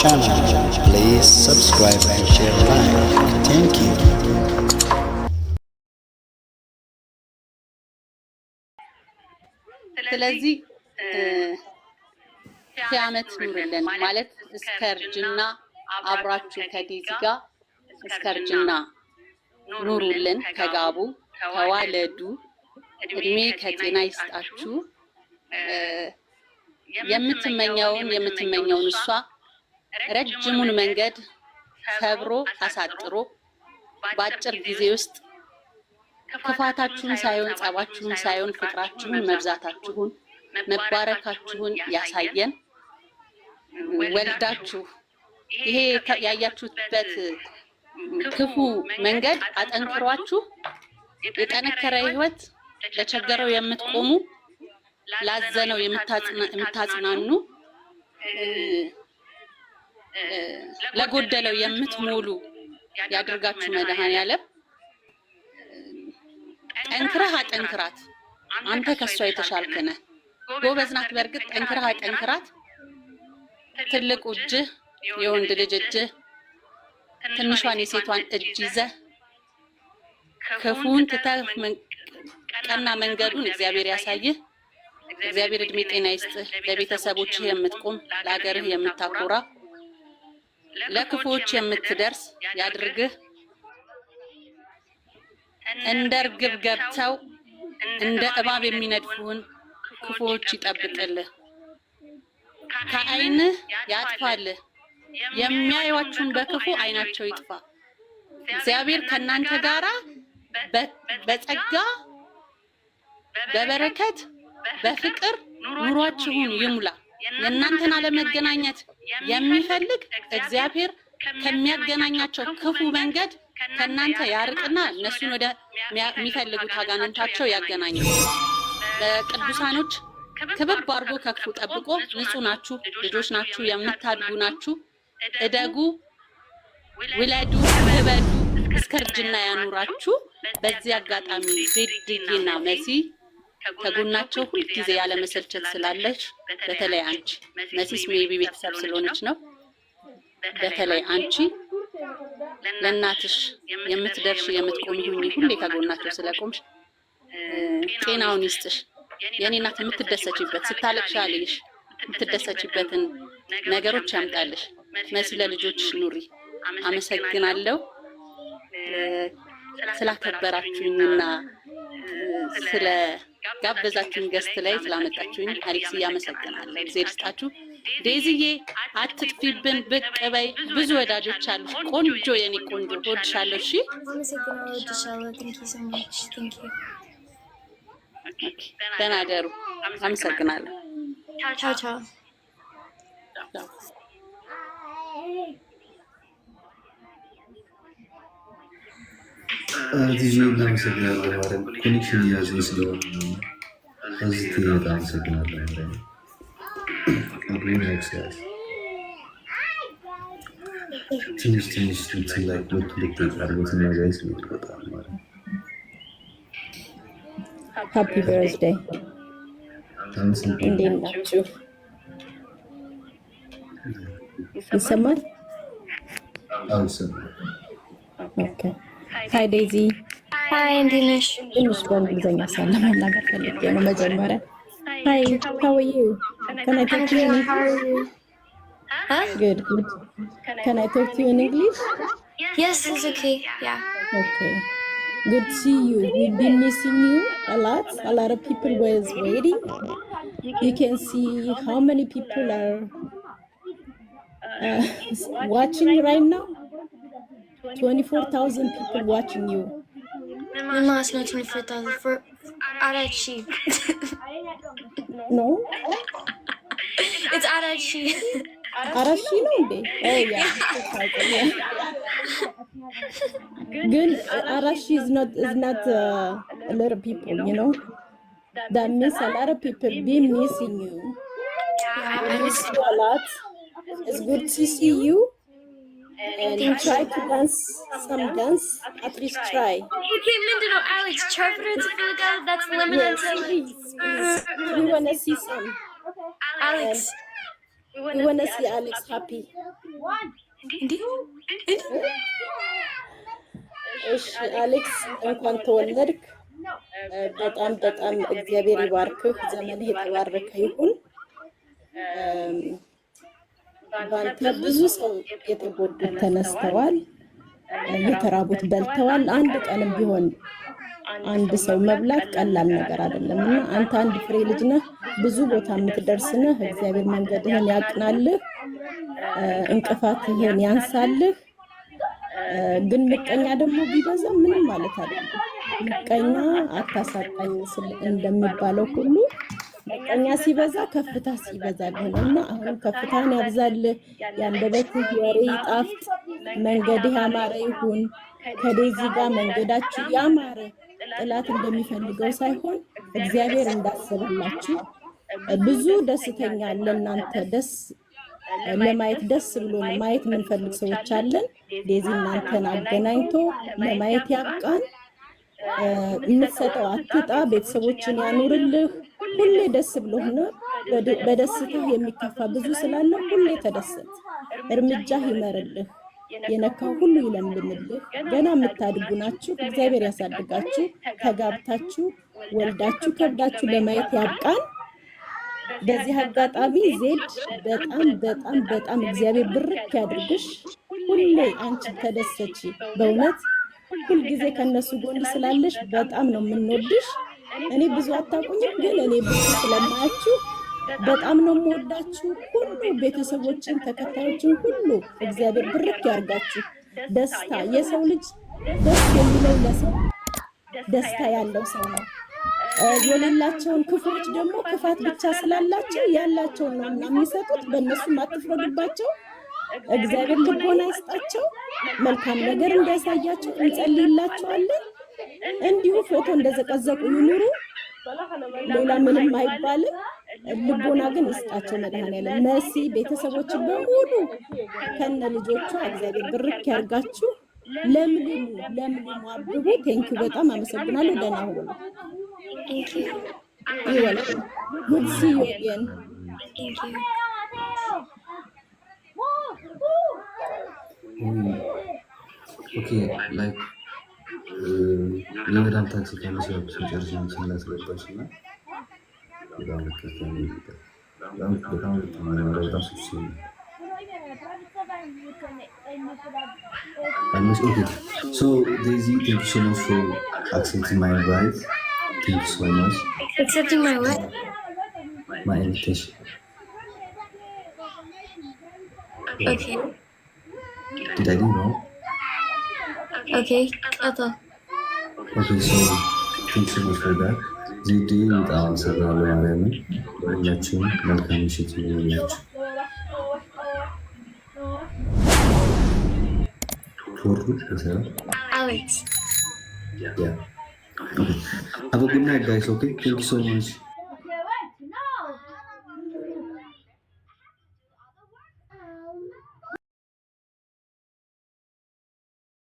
channel. Please subscribe and share like. Thank you. ስለዚህ ሲያመት ኑርልን ማለት እስከ እርጅና አብራችሁ ከዲዚ ጋር እስከ እርጅና ኑሩልን፣ ከጋቡ፣ ከዋለዱ እድሜ ከጤና ይስጣችሁ። የምትመኘውን የምትመኘውን እሷ ረጅሙን መንገድ ሰብሮ አሳጥሮ በአጭር ጊዜ ውስጥ ክፋታችሁን ሳይሆን ጸባችሁን ሳይሆን ፍቅራችሁን፣ መብዛታችሁን፣ መባረካችሁን ያሳየን። ወልዳችሁ ይሄ ያያችሁበት ክፉ መንገድ አጠንክሯችሁ የጠነከረ ሕይወት ለቸገረው የምትቆሙ ላዘነው የምታጽናኑ ለጎደለው የምትሞሉ ያድርጋችሁ መድኃኔዓለም። ጠንክረህ አጠንክራት። አንተ ከሷ የተሻልክ ነህ። ጎበዝ ናት። በእርግጥ ጠንክረህ አጠንክራት። ትልቁ እጅህ የወንድ ልጅ እጅህ ትንሿን የሴቷን እጅ ይዘህ ክፉን ትተህ ቀና መንገዱን እግዚአብሔር ያሳይህ። እግዚአብሔር እድሜ ጤና ይስጥህ። ለቤተሰቦችህ የምትቆም ለሀገርህ የምታኮራ ለክፉዎች የምትደርስ ያድርግህ። እንደ እርግብ ገብተው እንደ እባብ የሚነድፉን ክፉዎች ይጠብቅልህ። ከዓይንህ ያጥፋልህ። የሚያዩዋችሁን በክፉ ዓይናቸው ይጥፋ። እግዚአብሔር ከእናንተ ጋራ በጸጋ በበረከት በፍቅር ኑሯችሁን ይሙላ። የእናንተን አለመገናኘት የሚፈልግ እግዚአብሔር ከሚያገናኛቸው ክፉ መንገድ ከእናንተ ያርቅና እነሱን ወደ የሚፈልጉት አጋንንታቸው ያገናኛል። ቅዱሳኖች ክብር ባርጎ ከክፉ ጠብቆ ንጹህ ናችሁ፣ ልጆች ናችሁ፣ የምታድጉ ናችሁ። እደጉ፣ ውለዱ፣ ህበዱ፣ እስከ እርጅና ያኑራችሁ። በዚህ አጋጣሚ ዜድጌና መሲህ ከጎናቸው ሁልጊዜ ያለመሰልቸት ስላለች፣ በተለይ አንቺ መሲስ ሜቢ ቤተሰብ ስለሆነች ነው። በተለይ አንቺ ለእናትሽ የምትደርሽ የምትቆሚ ሁኚ፣ ሁሌ ከጎናቸው ስለቆምሽ ጤናውን ይስጥሽ። የእኔ እናት የምትደሰችበት ስታለቅሽ አልይሽ፣ የምትደሰችበትን ነገሮች ያምጣልሽ። መሲ ለልጆችሽ ኑሪ። አመሰግናለሁ ስላከበራችሁኝና ስለ ጋበዛችሁን ገስት ላይ ስላመጣችሁኝ አሌክስ እያመሰግናለሁ። እግዜር ስጣችሁ። ዴዚዬ አትጥፊብን፣ ብቅ በይ። ብዙ ወዳጆች አሉ። ቆንጆ የኔ ቆንጆ ወድሻለሁ። እሺ ደህና ደሩ። አመሰግናለሁ። ቻው ቻው። እዚህ እናመሰግናለን። ማርያም ኮኔክሽን እያዘኝ ስለሆነ እዚህ ትሄድ። አመሰግናለሁ ማርያም ትንሽ ትንሽ እንትን ላይ ሁለት ሁለት ቀርቦት እና ጋይስ በጣም ማለት ሃፒ በርዝዴይ እንዴት ናችሁ? ይሰማል? አዎ ኦኬ Hi, ዴዚ ሀይ እንዴት ነሽ? ትንሽ በእንግሊዝኛ ሳለ መናገር ፈልጌ Good, መጀመሪያ። ሀይ ታወዩ ከናይ ቶክ ዩ ኢን እንግሊሽ Yes, it's okay. Yeah. Okay. Good to see you. We've been missing you a lot. A lot of people were waiting. You can see how many people are uh, watching right now. 24,000 people watching you. Mama, it's not 24,000. For Arachi. no? it's Arachi. Arashi Oh yeah. Good. Arashi is not is not uh, a lot of people, you know. That means a lot of people be missing you. Yeah, I miss you a lot. It's good to see you and try to dance some dance. At least try. Okay, ምንድን ነው Alex? ቸርፍረ ትፈልጋለህ? That's limited. Yes, please, please. We wanna see some. Alex. We wanna see Alex happy. እሺ አሌክስ እንኳን ተወለድክ። በጣም በጣም እግዚአብሔር ይባርክህ። ዘመንህ የተባረከ ይሁን። በአንተ ብዙ ሰው የተጎዱት ተነስተዋል፣ የተራቡት በልተዋል። አንድ ቀንም ቢሆን አንድ ሰው መብላት ቀላል ነገር አይደለም እና አንተ አንድ ፍሬ ልጅ ነህ፣ ብዙ ቦታ የምትደርስ ነህ። እግዚአብሔር መንገድህን ያቅናልህ፣ እንቅፋትህን ያንሳልህ። ግን ምቀኛ ደግሞ ቢበዛ ምንም ማለት አይደለም። ምቀኛ አታሳጣኝ ስል እንደሚባለው ሁሉ ምቀኛ ሲበዛ ከፍታ ሲበዛ ነው። እና አሁን ከፍታን ያብዛልህ፣ የአንደበትህ ወሬ ይጣፍጥ፣ መንገድህ ያማረ ይሁን። ከዴዚ ጋር መንገዳችሁ ያማረ ጥላት እንደሚፈልገው ሳይሆን እግዚአብሔር እንዳሰበላችሁ ብዙ ደስተኛ ለእናንተ ደስ ለማየት ደስ ብሎ ማየት የምንፈልግ ሰዎች አለን። ዴዚ እናንተን አገናኝቶ ለማየት ያብቃን። የምትሰጠው አትጣ፣ ቤተሰቦችን ያኑርልህ። ሁሌ ደስ ብሎህና በደስታህ የሚከፋ ብዙ ስላለ ሁሌ ተደሰት። እርምጃህ ይመርልህ፣ የነካው ሁሉ ይለምልምልህ። ገና የምታድጉ ናችሁ፣ እግዚአብሔር ያሳድጋችሁ። ተጋብታችሁ ወልዳችሁ ከብዳችሁ ለማየት ያብቃን። በዚህ አጋጣሚ ዜድ በጣም በጣም በጣም እግዚአብሔር ብርክ ያድርግሽ። ሁሌ አንቺ ተደሰች። በእውነት ሁልጊዜ ከነሱ ጎን ስላለሽ በጣም ነው የምንወድሽ። እኔ ብዙ አታውቁኝም፣ ግን እኔ ብዙ ስለማያችሁ በጣም ነው የምወዳችሁ። ሁሉ ቤተሰቦችን፣ ተከታዮችን ሁሉ እግዚአብሔር ብርክ ያርጋችሁ። ደስታ የሰው ልጅ ደስ የሚለው ለሰው ደስታ ያለው ሰው ነው። የሌላቸውን ክፉዎች ደግሞ ክፋት ብቻ ስላላቸው ያላቸውን ነው እና የሚሰጡት። በእነሱም አትፍረዱባቸው። እግዚአብሔር ልቦና ይስጣቸው። መልካም ነገር እንዳያሳያቸው እንጸልይላቸዋለን። እንዲሁ ፎቶ እንደዘቀዘቁ ይኑሩ። ሌላ ምንም አይባልም። ልቦና ግን ይስጣቸው መድኃኒዓለም። መሲ ቤተሰቦችን በሙሉ ከነ ልጆቿ እግዚአብሔር ብርክ ያርጋችሁ። ለምልሙ ለምልሙ አብቡ። ቴንኪ በጣም አመሰግናለሁ። ደህና ሁኑ። ጉድ ሲ ዩ ኦኬ ላይክ የመዳን ታክሲ መጨረሻ እና በጣም Okay. So, Daisy, thank you so much for accepting my advice Thank you so much. Accepting my advice. My invitation. Okay. Did I do wrong? Okay, Okay, so thanks so much for that. Didn't answer the other one. Matching, not coming to the other one. Alex. Yeah. Okay. Have a good night, guys. Okay. Thank you so much.